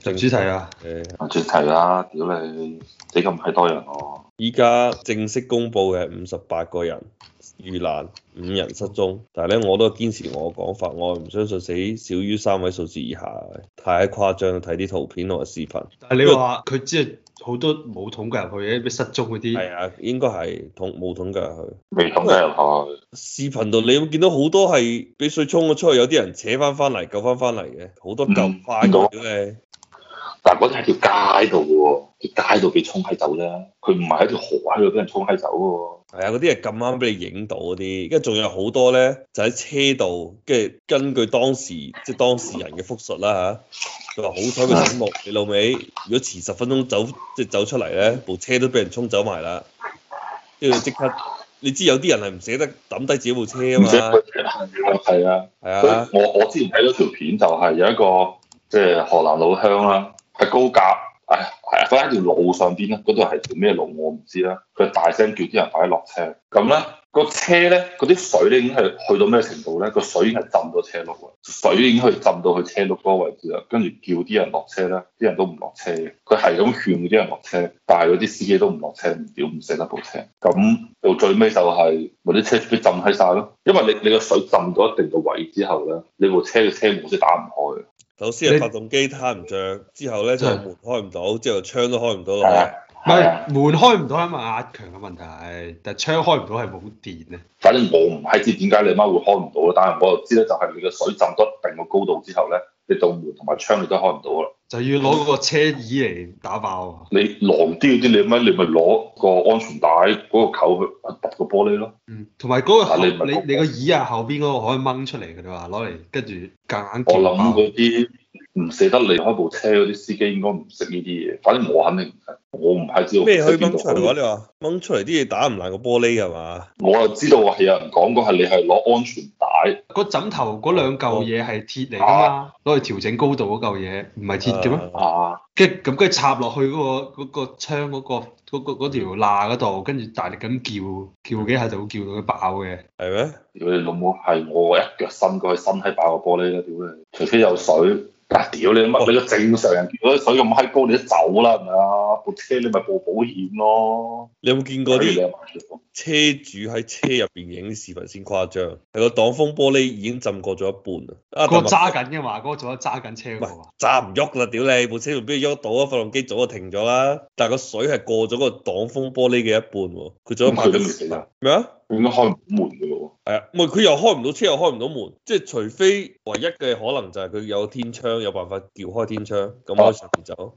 正主題啊！誒，絕題啦！屌你，死咁鬼多人喎！依家正式公佈嘅五十八個人遇難，五人失蹤。但係咧，我都堅持我嘅講法，我唔相信死少於三位數字以下，太誇張啦！睇啲圖片同埋視頻。但係你話佢即係好多冇統計入去嘅，咩失蹤嗰啲？係啊，應該係統冇統計入去，未統計入去。視頻度你有冇見到好多係俾水沖咗出去，有啲人扯翻翻嚟救翻翻嚟嘅，好多救快翻落嘅。嗯。但嗰啲喺條街度嘅喎，條街度俾沖喺走啦。佢唔係喺條河喺度俾人沖喺走嘅喎。係啊，嗰啲係咁啱俾你影到嗰啲。而家仲有好多咧，就喺車度，跟住根據當時即係、就是、當事人嘅復述啦吓，佢話好彩佢醒目，是啊、你老味。如果遲十分鐘走即係走出嚟咧，部車都俾人沖走埋啦。跟住即刻，你知有啲人係唔捨得抌低自己部車啊嘛。係啊係啊，啊是啊我我之前睇到條片就係有一個即係河南老鄉啊。係高架，唉、哎，係啊，咁喺條路上邊咧？嗰度係條咩路？我唔知啦。佢大聲叫啲人快啲落車咁咧。個車咧，嗰啲水咧已經係去到咩程度咧？個水已經係浸到車碌啊，水已經係浸到去車碌嗰個位置啦。跟住叫啲人落車啦，啲人都唔落車。佢係咁勸嗰啲人落車，但係嗰啲司機都唔落車，唔屌唔捨得部車。咁到最尾就係、是，咪啲車俾浸喺晒咯。因為你你個水浸到一定個位之後咧，你部車嘅車門先打唔開嘅。首先係發動機攤唔著，之後咧就係門開唔到，的之後窗都開唔到落。唔係、啊、門開唔到，吖嘛，阿強嘅問題。但窗開唔到係冇電啊。反正我唔係知點解你媽，媽會開唔到咯。但係我就知咧，就係你嘅水浸到一定個高度之後咧，你道門同埋窗你都開唔到啦。就要攞嗰個車椅嚟打爆。 你狼啲嗰啲，你媽，媽你咪攞個安全帶嗰個扣去揼個玻璃咯。同埋嗰個你你你個椅啊後邊嗰個可以掹出嚟嘅，你話攞嚟跟住夾硬，硬。我諗嗰啲。唔捨得離開部車嗰啲司機應該唔識呢啲嘢，反正我肯定唔我唔係知道咩去掹出嚟喎，你話掹出嚟啲嘢打唔爛個玻璃嘅嘛？我又知道我係有人講過係你係攞安全帶，個枕頭嗰兩嚿嘢係鐵嚟㗎嘛，攞嚟、啊、調整高度嗰嚿嘢唔係鐵嘅咩？啊，跟咁跟住插落去嗰、那個那個窗嗰、那個嗰條罅嗰度，跟、那、住、個那個、大力咁叫叫幾下就會叫到佢爆嘅，係咩嗎？你我你老母係我一腳伸過去伸喺爆個玻璃啦屌你！除非有水。嗱、啊，屌你乜？你個正常人如果啲水咁閪高，你都走啦，係咪啊？部車你咪報保險咯。你有冇見過啲？車主喺車入邊影視頻先誇張，係個擋風玻璃已經浸過咗一半啊！阿哥揸緊嘅嘛，阿哥仲有揸緊車嘅喎，揸唔喐啦，屌你部車仲邊度喐到啊？發動機早就停咗啦，但係個水係過咗個擋風玻璃嘅一半喎，佢仲有拍緊啊？咩啊？應該開門嘅喎，係啊，唔係佢又開唔到車又開唔到門，即係除非唯一嘅可能就係佢有天窗有辦法撬開天窗咁我上邊走，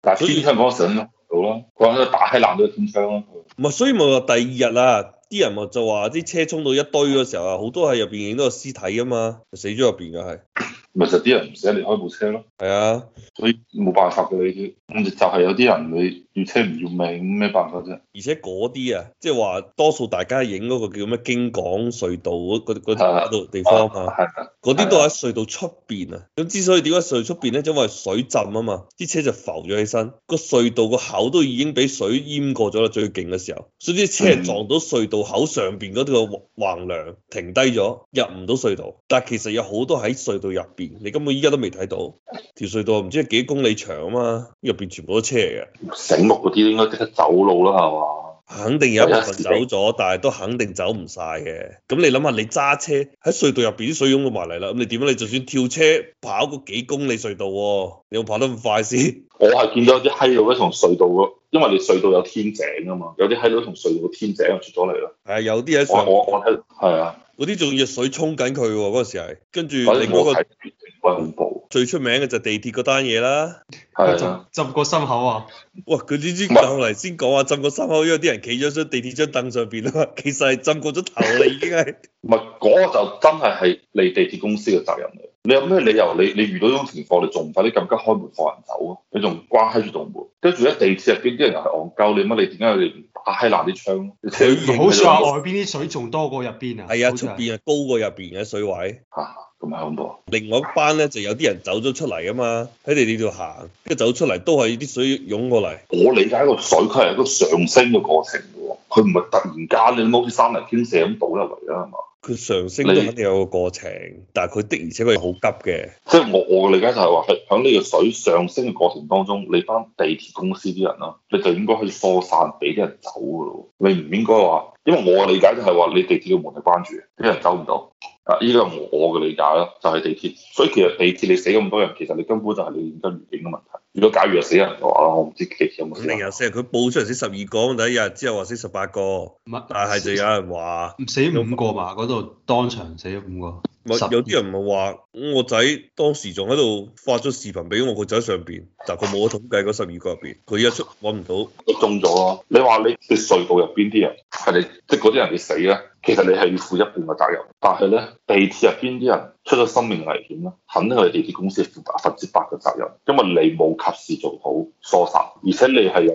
但天窗嗰陣好都開唔到啦，佢打喺爛咗天窗啦。啊啊。唔，所以咪話第二日啊，啲人咪就話啲車衝到一堆嗰時候啊，好多喺入邊影到個屍體啊嘛，就死咗入邊嘅係。咪就啲人唔使你開部車咯，係啊，所以冇、就是、辦法嘅你啲，咁就係有啲人你要車唔要命，咩辦法啫？而且嗰啲啊，即係話多數大家影嗰個叫咩京廣隧道嗰嗰度地方啊，係嗰啲都喺隧道出邊啊。咁、啊啊、之所以點解隧道出邊咧，因為水浸啊嘛，啲車就浮咗起身，個隧道個口都已經俾水淹過咗啦。最勁嘅時候，所以啲車撞到隧道口上邊嗰個橫梁停，停低咗，入唔到隧道。但係其實有好多喺隧道入邊。你根本依家都未睇到條隧道，唔知幾公里長啊嘛，入邊全部都車嘅。醒目嗰啲應該即刻走路啦，係嘛？肯定有一部分走咗，但係都肯定走唔晒嘅。咁你諗下，你揸車喺隧道入邊啲水湧到埋嚟啦，咁你點樣？你就算跳車跑嗰幾公里隧道，你有冇跑得咁快先？我係見到啲閪佬喺同隧道咯，因為你隧道有天井啊嘛，有啲閪佬同隧道天井出咗嚟咯。係有啲喺上，我我睇，係啊。嗰啲仲要水沖緊佢喎，嗰陣時係跟住另外嗰個。恐怖！最出名嘅就係地鐵嗰單嘢啦，浸浸過心口啊！哇，佢呢啲後嚟先講啊，浸過心口，因為啲人企咗喺地鐵張凳上邊啊，其實係浸過咗頭啦已經係。唔係嗰個就真係係你地鐵公司嘅責任嚟。你有咩理由？你你遇到呢種情況，你仲唔快啲咁急開門放人走人怪怪啊？你仲關閪住棟門，跟住喺地鐵入邊啲人係戇鳩你乜？你點解你唔打閪爛啲窗？好似話外邊啲水仲多過入邊啊！係啊，出邊啊，高過入邊嘅水位。咁啊咁另外一班咧，就有啲人走咗出嚟啊嘛，喺你呢度行，跟住走出嚟都係啲水湧過嚟。我理解個水，佢係一個上升嘅過程噶，佢唔係突然間你踎啲山泥傾瀉咁倒入嚟啊嘛。佢上升都肯定有個過程，但係佢的而且佢好急嘅。即係我我嘅理解就係話，喺呢個水上升嘅過程當中，你班地鐵公司啲人啦，你就應該去疏散俾啲人走噶咯，你唔應該話。因為我嘅理解就係話，你地鐵嘅門係關住，啲人走唔到。啊，依個我嘅理解咯，就係地鐵。所以其實地鐵你死咁多人，其實你根本就係你現今環境嘅問題。如果假如係死人嘅話，我唔知其實有冇。成日成日佢報出嚟死十二個，第一日之後話死十八個。乜？但係就有人話死五個嘛？嗰度當場死咗五個。12. 有啲人咪話，我仔當時仲喺度發咗視頻俾我個仔上邊，但佢冇統計嗰十二個入邊，佢一出揾唔到，中咗咯。你話你啲隧道入邊啲人係你，即係嗰啲人你死咧，其實你係要負一半嘅責任。但係咧，地鐵入邊啲人出咗生命危險咧，肯定係地鐵公司負百分之百嘅責任，因為你冇及時做好疏散，而且你係有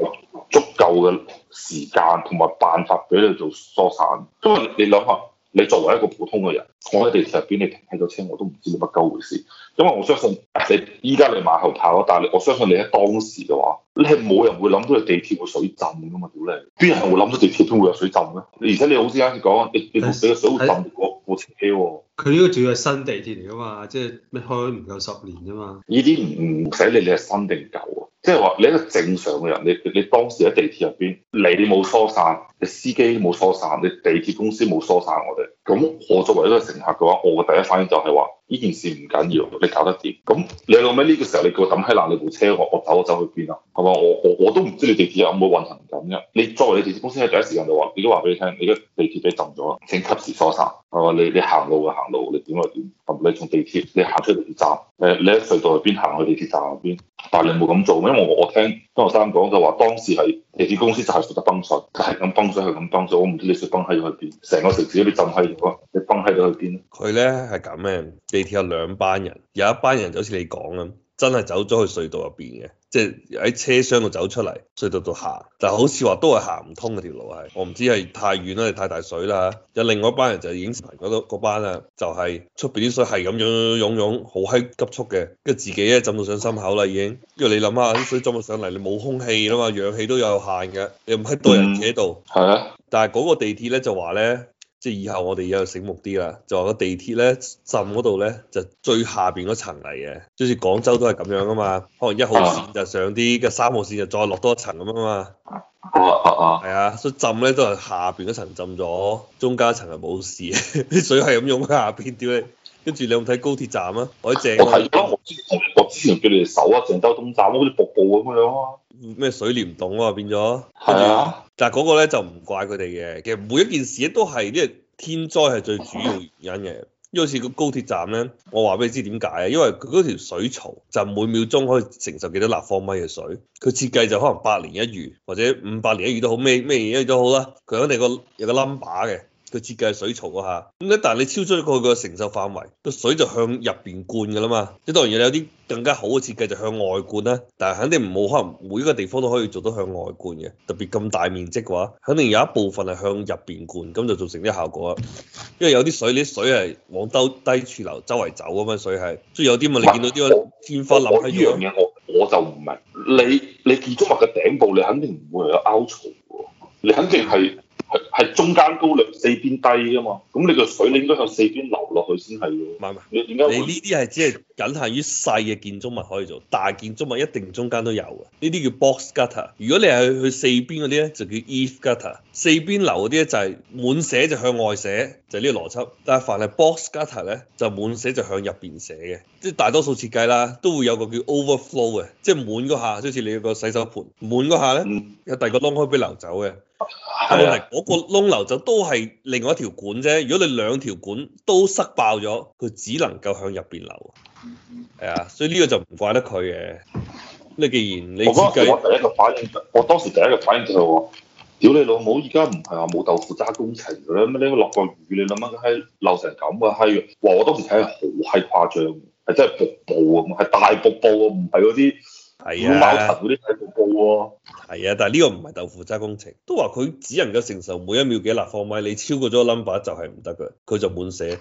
足夠嘅時間同埋辦法俾你做疏散，因為你諗下。你作為一個普通嘅人，我喺地鐵入邊，你停喺個車，我都唔知你乜鳩回事。因為我相信你依家你馬後炮咯，但係我相信你喺當時嘅話，你係冇人會諗到地鐵會水浸噶嘛，屌你，邊人會諗到地鐵都會有水浸咧？而且你好似啱先講，你你俾個水會浸個個車喎。佢呢個仲要係新地鐵嚟噶嘛，即係你開唔夠十年啫嘛。呢啲唔使理，你係新定舊？即係話，你一個正常嘅人，你你當時喺地鐵入邊，你冇疏散，你司機冇疏散，你地鐵公司冇疏散我，我哋。咁我作為一個乘客嘅話，我嘅第一反應就係話：呢 件事唔緊要，你搞得掂。咁你老度咩呢個時候你叫我抌喺嗱你部車我我走我走去邊啊？係嘛？我我我都唔知你地鐵有冇運行緊嘅？你作為你地鐵公司喺第一時間就話：已經話俾你聽，你而家地鐵俾浸咗啦，請及時疏散。係嘛？你你行路啊行路，你點就點。你從地鐵你行出地鐵站，誒你喺隧道入邊行去地鐵站嗰邊，但係你冇咁做，因為我我聽張生講就話當時係地鐵公司就係負責泵水，係咁泵水，係咁泵水，我唔知你水泵喺去邊，成個城市都俾浸喺。你放喺度去邊？佢咧，係咁嘅，地鐵有兩班人，有一班人就好似你講咁，真係走咗去隧道入邊嘅，即係喺車廂度走出嚟隧道度行，但係好似話都係行唔通嘅條路係。我唔知係太遠啦，太大水啦。有另外一班人就已影視頻度班啊，就係出邊啲水係咁樣湧湧，好閪急速嘅，跟住自己咧浸到上心口啦已經。因為你諗下啲水浸到上嚟，你冇空氣啦嘛，氧氣都有限嘅，你唔係多人企喺度，係啊、嗯。但係嗰個地鐵咧就話咧。即係以後我哋又要醒目啲啦，就話個地鐵咧浸嗰度咧就最下邊嗰層嚟嘅，即似廣州都係咁樣啊嘛，可能一號線就上啲，嘅、啊、三號線就再落多一層咁啊嘛，哦係啊，啊，啊，所以浸咧都係下邊嗰層浸咗，中間層係冇事，啲 水係咁湧喺下邊屌你，跟住你有冇睇高鐵站啊？我正，我睇咗，我之前我之前叫你哋手啊，鄭州東站好似瀑布咁樣啊。咩水簾洞啊，變咗。係啊的。但係嗰個咧就唔怪佢哋嘅，其實每一件事咧都係呢個天災係最主要原因嘅。因為好似個高鐵站咧，我話俾你知點解啊？因為佢嗰條水槽就每秒鐘可以承受幾多立方米嘅水，佢設計就可能百年一遇或者五百年一遇都好，咩咩年一遇都好啦，佢肯定個有個 number 嘅。佢設計係水槽啊，咁咧但係你超出咗佢個承受範圍，個水就向入邊灌㗎啦嘛。即係當然有啲更加好嘅設計就向外灌啦，但係肯定唔好，可能每一個地方都可以做到向外灌嘅。特別咁大面積嘅話，肯定有一部分係向入邊灌，咁就造成啲效果啊。因為有啲水，啲水係往兜低處流，周圍走啊嘛。水係即係有啲嘛，你見到啲天花冧喺呢樣嘢，我我就唔明。你你建築物嘅頂部你，你肯定唔會有凹槽喎，你肯定係。係中間高，兩四邊低噶嘛，咁你個水你應該向四邊流落去先係嘅。唔係唔係，你點解，你呢啲係只係僅限於細嘅建築物可以做，大建築物一定中間都有嘅。呢啲叫 box gutter。如果你係去四邊嗰啲咧，就叫 eave gutter。四邊流嗰啲咧就係滿寫就向外寫，就係呢個邏輯。但係凡係 box gutter 咧，就滿寫就向入邊寫嘅。即係大多數設計啦，都會有個叫 overflow 嘅，即係滿嗰下，即係似你個洗手盆滿嗰下咧，有第二個窿可以俾流走嘅。係啊、嗯，我、嗯、個窿流走都係另外一條管啫。如果你兩條管都塞爆咗，佢只能夠向入邊流。係、嗯、啊，所以呢個就唔怪得佢嘅。你既然你設計，我，我第一個反應，我當時第一個反應就係、是、我、就是、屌你老母！而家唔係話冇豆腐渣工程嘅啦，咁你落個雨，你諗下佢流成咁啊閪！哇我當時睇好閪誇張。即係瀑布啊，係大瀑布喎，唔係嗰啲鸚鵡頭嗰啲睇瀑布喎。係啊，但係呢個唔係豆腐渣工程，都話佢只能夠承受每一秒幾立方米，你超過咗 number 就係唔得嘅，佢就滿寫。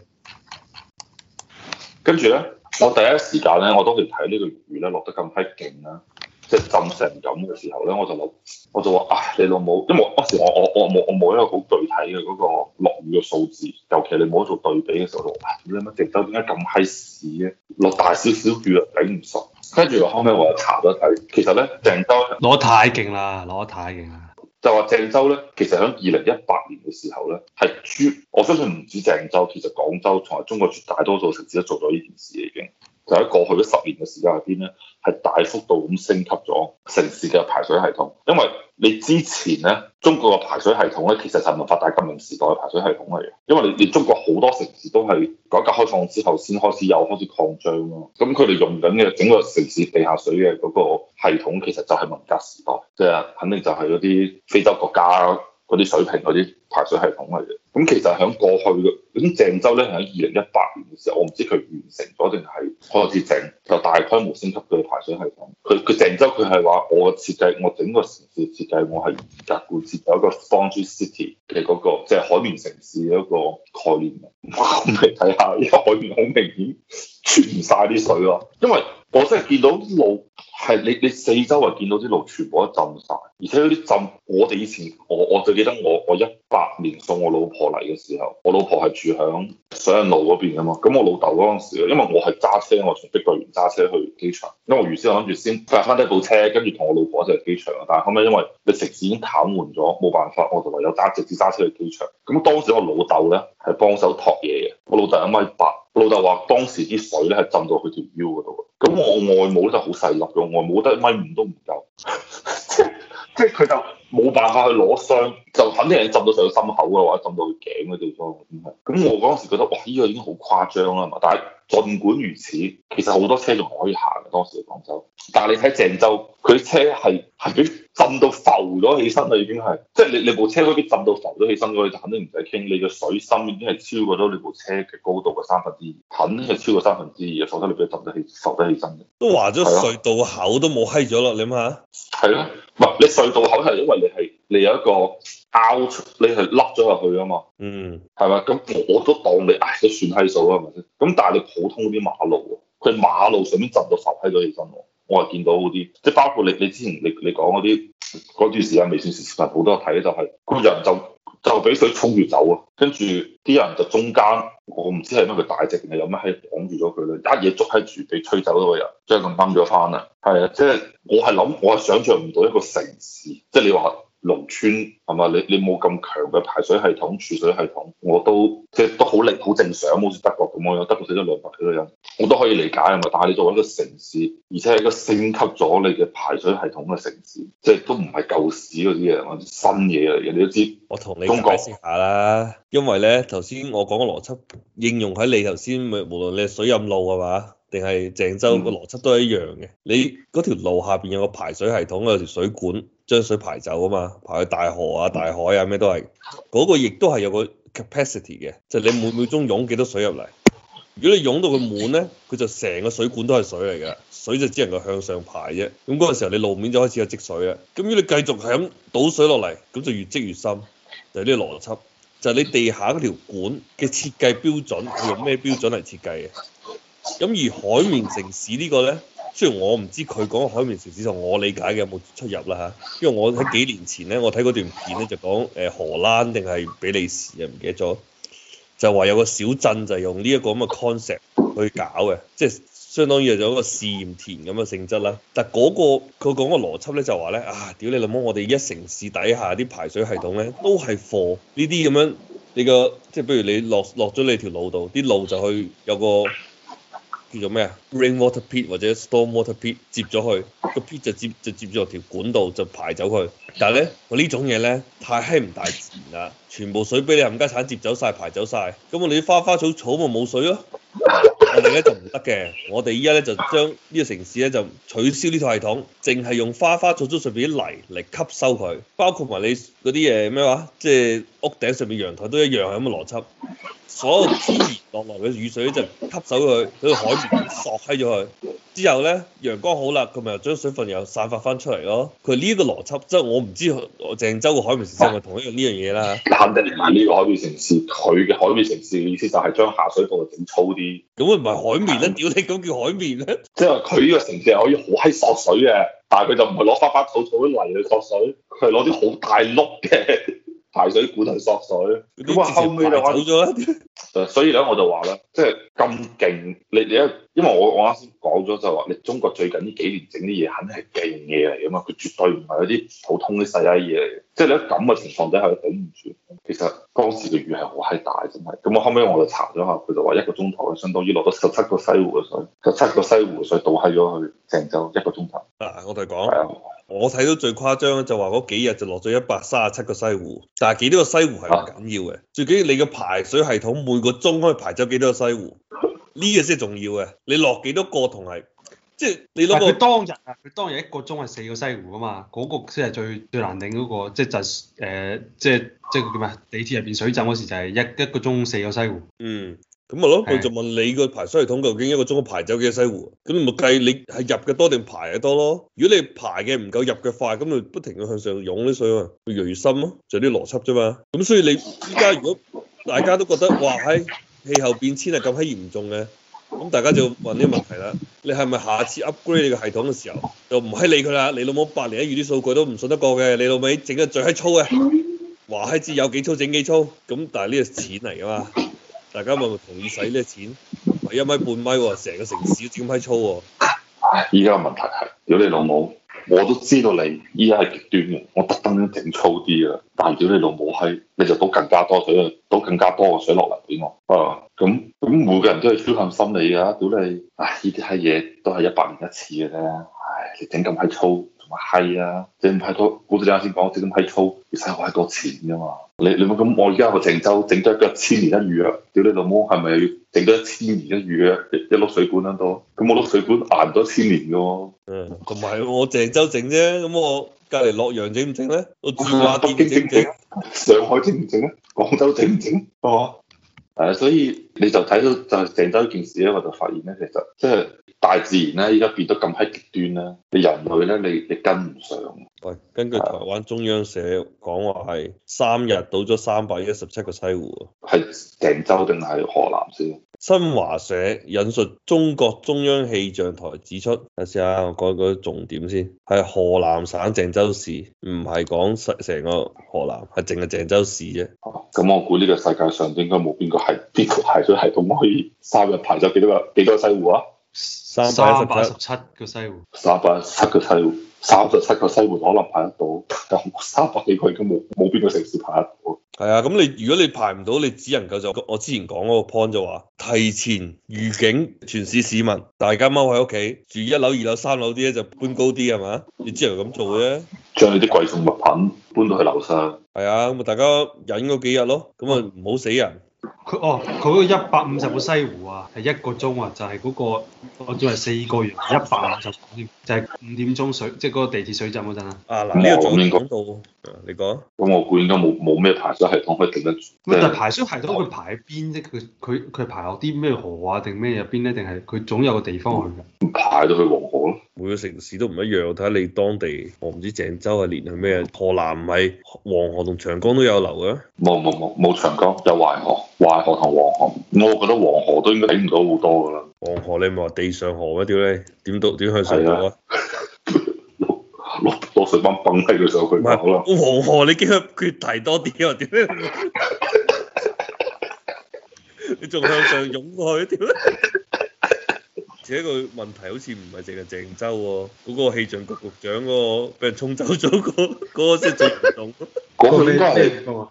跟住咧，我第一時間咧，我當時睇呢個雨咧落得咁閪勁啦，即係浸成咁嘅時候咧，我就諗，我就話啊、哎，你老母，因為嗰時我我我冇我冇一個好具體嘅嗰個。預嘅數字，尤其你冇做對比嘅時候，哇！你乜鄭州點解咁閪屎嘅？落大少少雨又頂唔順，跟住話後尾我又查咗睇，其實咧，鄭州攞太勁啦，攞得太勁啦。就話鄭州咧，其實喺二零一八年嘅時候咧，係絕我相信唔止鄭州，其實廣州同埋中國絕大多數城市都做咗呢件事已經。就喺、是、過去嗰十年嘅時間入邊咧。係大幅度咁升級咗城市嘅排水系統，因為你之前呢，中國嘅排水系統呢，其實就係文化大革命時代嘅排水系統嚟嘅。因為你中國好多城市都係改革開放之後先開始有開始擴張啊，咁佢哋用緊嘅整個城市地下水嘅嗰個系統其實就係文革時代嘅，即肯定就係嗰啲非洲國家嗰啲水平嗰啲排水系統嚟嘅，咁其實喺過去嘅，咁鄭州咧喺二零一八年嘅時候，我唔知佢完成咗定係開始整，就大規模升級嘅排水系統。佢佢鄭州佢係話我設計，我整個城市設計我係家固設有一個方 l o o d city 嘅嗰、那個，即、就、係、是、海綿城市嘅一個概念。哇！你睇下依個海綿好明顯存晒啲水咯，因為我真係見到路。係你你四周圍見到啲路全部都浸晒，而且嗰啲浸，我哋以前我我最記得我我一八年送我老婆嚟嘅時候，我老婆係住響水印路嗰邊㗎嘛，咁我老豆嗰陣時因為我係揸車，我從碧桂園揸車去機場，因為原先我諗住先翻返低部車，跟住同我老婆一齊去機場，但係後尾因為你食肆已經癱瘓咗，冇辦法，我就唯有揸直接揸車去機場。咁當時我老豆呢係幫手托嘢嘅，我老豆一米八，老豆話當時啲水呢係浸到佢條腰嗰度，咁我外母就好細粒。我冇得米五都唔夠。即佢就冇辦法去攞箱，就肯定係浸到上心口啊，或者浸到佢頸嘅地方，咁我嗰陣時覺得哇，呢個已經好誇張啦嘛。但係儘管如此，其實好多車仲可以行嘅，當時嘅廣州。但係你睇鄭州，佢車係係俾浸到浮咗起身啦，已經係即係你你部車嗰啲浸到浮咗起身嗰，就肯定唔使傾。你嘅水深已經係超過咗你部車嘅高度嘅三分之二，肯定係超過三分之二，否則你俾浸到起浮得起身。都話咗隧道口都冇閪咗咯，你諗下。係咯。唔係你隧道口係因為你係你有一個凹，你係凹咗入去啊嘛，嗯、mm.，係嘛？咁我都當你，唉，都算閪數啦，係咪先？咁但係你普通啲馬路喎，佢馬路上面浸到浮起咗起身喎，我係見到嗰啲，即係包括你你之前你你講嗰啲嗰段時間微信視頻好多睇咧、就係，就係個人就。就俾水衝住走啊！跟住啲人就中間，我唔知係咩佢大隻定係有乜閪擋住咗佢咧，一嘢捉喺住被吹走嗰個人，即係咁掹咗返啦。係啊，即係我係諗，我係想，想像唔到一個城市，即係你話。農村係嘛，你你冇咁強嘅排水系統、儲水系統，我都即係都好力、好正常，好似德國咁樣，德國死咗兩百幾個人，我都可以理解啊嘛。但係你作為一個城市，而且係一個升級咗你嘅排水系統嘅城市，即係都唔係舊式嗰啲嘢，新嘢嚟，嘅。你都知。我同你解釋下啦，國因為咧頭先我講嘅邏輯應用喺你頭先，無論你係水浸路係嘛。定係鄭州個邏輯都係一樣嘅。你嗰條路下邊有個排水系統，有條水管將水排走啊嘛，排去大河啊、大海啊咩都係。嗰、那個亦都係有個 capacity 嘅，就係、是、你每秒鐘湧幾多水入嚟。如果你湧到佢滿咧，佢就成個水管都係水嚟嘅，水就只能夠向上排啫。咁嗰陣時候，你路面就開始有積水啦。咁如果你繼續係咁倒水落嚟，咁就越積越深。就係、是、呢個邏輯。就係、是、你地下嗰條管嘅設計標準係用咩標準嚟設計嘅？咁而海綿城市呢個呢，雖然我唔知佢講海綿城市同我理解嘅有冇出入啦嚇，因為我喺幾年前呢，我睇嗰段片呢，就講誒荷蘭定係比利時啊，唔記得咗，就話有個小鎮就用呢一個咁嘅 concept 去搞嘅，即係相當於有做一個試驗田咁嘅性質啦。但係嗰個佢講嘅邏輯呢，就話呢：「啊，屌你老母，我哋一城市底下啲排水系統呢，都係貨呢啲咁樣，你個即係譬如你落落咗你條路度，啲路就去有個叫做咩啊？rainwater pit 或者 stormwater pit 接咗去，個 pit 就接就接咗條管道就排走去。但係咧，我呢種嘢咧太欺唔大自然啦，全部水俾你冚家鏟接走晒，排走晒，咁我哋啲花花草草咪冇水咯。我哋咧就唔得嘅，我哋依家咧就將呢個城市咧就取消呢套系統，淨係用花花草草上邊啲泥嚟吸收佢，包括埋你嗰啲誒咩話，即係屋頂上面、陽台都一樣係咁嘅邏輯，所有天然落嚟嘅雨水就吸收佢，喺個海綿索喺咗佢，之後咧陽光好啦，佢咪將水分又散發翻出嚟咯。佢呢個邏輯即係我唔知鄭州嘅海綿城市係咪同一樣呢樣嘢啦？肯定唔係呢個海綿城市，佢嘅海綿城市嘅意思就係將下水道整粗啲，咁啊。唔係海綿啦，屌你、嗯，咁叫海綿咧？即係佢呢個城市可以好閪索水嘅，但係佢就唔係攞花花草草啲泥嚟索水，佢係攞啲好大碌嘅。 排水管嚟索水，咁啊、嗯、後尾就話到咗所以咧我就話咧，即係咁勁，你你一，因為我我啱先講咗就話，你中國最近呢幾年整啲嘢，肯定係勁嘢嚟啊嘛，佢絕對唔係嗰啲普通啲細閪嘢嚟嘅，即係你喺咁嘅情況底下都頂唔住。其實當時嘅雨係好閪大，真係。咁我後尾我就查咗下，佢就話一個鐘頭，相當於落咗十七個西湖嘅水，十七個西湖嘅水倒喺咗去，鄭州一個鐘頭。嗱、啊，我哋講。我睇到最誇張就話嗰幾日就落咗一百三十七個西湖，但係幾多個西湖係唔緊要嘅，的最緊要你個排水系統每個鐘可以排走幾多個西湖，呢個先重要嘅。你落幾多個同埋，即係你攞個當日啊，佢當日一個鐘係四個西湖啊嘛，嗰、那個先係最最難定嗰、那個，即係就誒、是呃，即係即係叫咩？地鐵入邊水浸嗰時就係一一個鐘四個西湖。嗯。咁咪咯，佢就問你個排水系統究竟一個鐘排走幾多西湖？咁你咪計，你係入嘅多定排嘅多咯？如果你排嘅唔夠入嘅快，咁咪不停咁向上湧啲水啊，會越嚟越深咯，就啲邏輯啫嘛。咁所以你依家如果大家都覺得哇，喺氣候變遷係咁閪嚴重嘅，咁大家就問啲問題啦。你係咪下次 upgrade 你個系統嘅時候就唔閪理佢啦？你老母百年一遇啲數據都唔信得過嘅，你老味整嘅最閪粗嘅，話閪知有幾粗整幾粗？咁但係呢個錢嚟噶嘛？大家咪咪同意使呢啲錢，一米半米、啊，成個城市都整批粗喎、啊。依家問題係，屌你老母！我都知道你依家係極端嘅，我特登整粗啲啊！但係屌你老母閪，你就倒更加多水，倒更加多嘅水落嚟畀我！啊！咁咁每個人都係僥倖心理㗎，屌你！唉，依啲閪嘢都係一百年一次嘅啫，唉，你整咁批粗。咪係啊！整太多，好似你啱先講，整咁閪粗，要使好多錢噶嘛。你你咁，我而家個鄭州整咗一,一千年一遇啊！屌你老母，係咪整咗一千年一遇啊？一碌水管都多，咁我碌水管硬多千年噶喎。嗯，唔係我鄭州整啫，咁我隔籬洛陽整唔整咧？我仲話北京整唔整？上海整唔整咧？廣州整唔整？哦、啊，係啊，所以你就睇到就鄭州件事咧，我就發現咧，其實即係。即係大自然咧，依家變得咁閪極端啦。你人類咧，你你跟唔上。喂，根據台灣中央社講話係三日到咗三百一十七個西湖，係鄭州定係河南先？新華社引述中國中央氣象台指出，睇下我講個重點先，係河南省鄭州市，唔係講成個河南，係淨係鄭州市啫。咁、啊、我估呢個世界上應該冇邊個係邊個排水系統可以三日排咗幾多個幾多西湖啊？三百十七個西湖，三百七個西湖，三十七個西湖可能排得到，但三百幾個根本冇冇邊個城市排得到？係啊，咁你如果你排唔到，你只能夠就我之前講嗰個 point 就話，提前預警全市市民，大家踎喺屋企，住樓樓樓一樓、二樓、三樓啲咧就搬高啲係嘛？你只能咁做啫，將你啲貴重物品搬到去樓上。係啊，咁啊大家忍嗰幾日咯，咁啊唔好死人。佢哦，佢嗰一百五十個西湖啊，係一個鐘啊，就係、是、嗰、嗰個我仲係四個月一百五十，就係、是、五點鐘水，即係個地鐵水浸嗰陣啊。啊，嗱呢個仲講到，你講。咁我估應該冇冇咩排水系統可以頂得住。唔係，但係排水系統佢排喺邊咧？佢佢佢排落啲咩河啊？定咩入邊咧？定係佢總有個地方去㗎。排到去黃河。每個城市都唔一樣，睇下你當地，我唔知鄭州係連係咩，河南唔係黃河同長江都有流嘅。冇冇冇冇長江，有淮河，淮河同黃河，我覺得黃河都應該頂唔到好多噶啦。黃河你咪係話地上河咩？點咧？點到點向上流啊？攞攞是的 水泵泵喺佢上去好啦！黃河你驚佢決堤多啲啊？點 你仲向上湧過去？啲咧？而且個問題好似唔係淨係鄭州喎、哦，嗰、那個氣象局局長喎、那個，俾人沖走咗，個嗰個即係活動。講咩啊？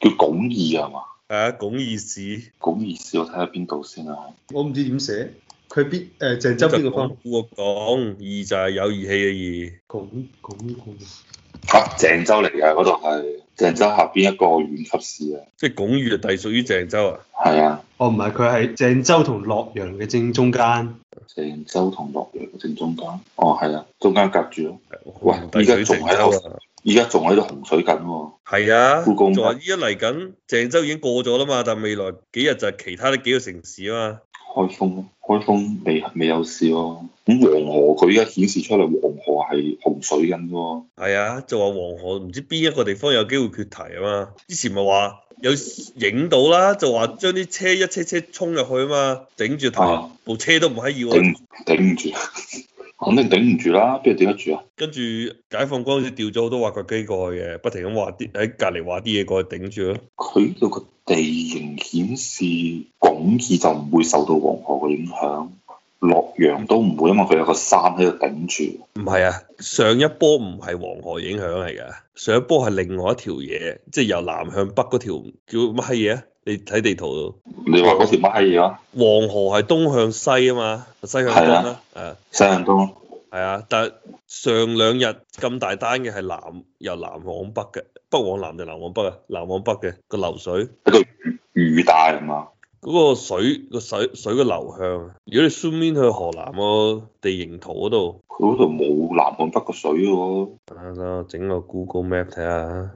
叫鞏義係嘛？係啊，鞏義市。鞏義市，我睇下邊度先啊！我唔知點寫。佢邊誒鄭州邊個方？我講？義就係有義氣嘅義。鞏鞏鞏。啊，鄭州嚟㗎嗰度係。那個鄭州下邊一個縣級市啊，即係鞏義啊，隸屬於鄭州啊，係啊，哦，唔係，佢係鄭州同洛陽嘅正中間，鄭州同洛陽嘅正中間，哦係啊，中間隔住咯，喂，依家仲喺度，依家仲喺度洪水緊，係啊，啊故再依家嚟緊，鄭州已經過咗啦嘛，但未來幾日就係其他啲幾個城市啊嘛。開封咯，開封未未有事咯、啊。咁黃河佢而家顯示出嚟，黃河係洪水緊喎、啊。係啊，就話黃河唔知邊一個地方有機會決堤啊嘛。之前咪話有影到啦，就話將啲車一車車衝入去啊嘛，頂住頭、啊、部車都唔可以要喎、啊，頂唔住。 肯定頂唔住啦，邊度頂得住啊？跟住解放軍好似調咗好多挖掘機過去嘅，不停咁挖啲，喺隔籬挖啲嘢過去頂住咯。佢度個地形顯示拱字就唔會受到黃河嘅影響。羊都唔會，因為佢有個山喺度頂住。唔係啊，上一波唔係黃河影響嚟㗎，上一波係另外一條嘢，即係由南向北嗰條叫乜閪嘢？你睇地圖咯。你話嗰條乜嘢啊？黃河係東向西啊嘛，西向東啦、啊，誒、啊，啊、西向東。係啊，但係上兩日咁大單嘅係南，由南往北嘅，北往南就南往北啊？南往北嘅、嗰個流水。喺度雨大吖嘛？嗰個水個水水嘅流向，如果你 zoom in 去河南個地形圖嗰度，佢嗰度冇南岸北嘅水、啊、看看個水喎。等下我整個 Google Map 睇下。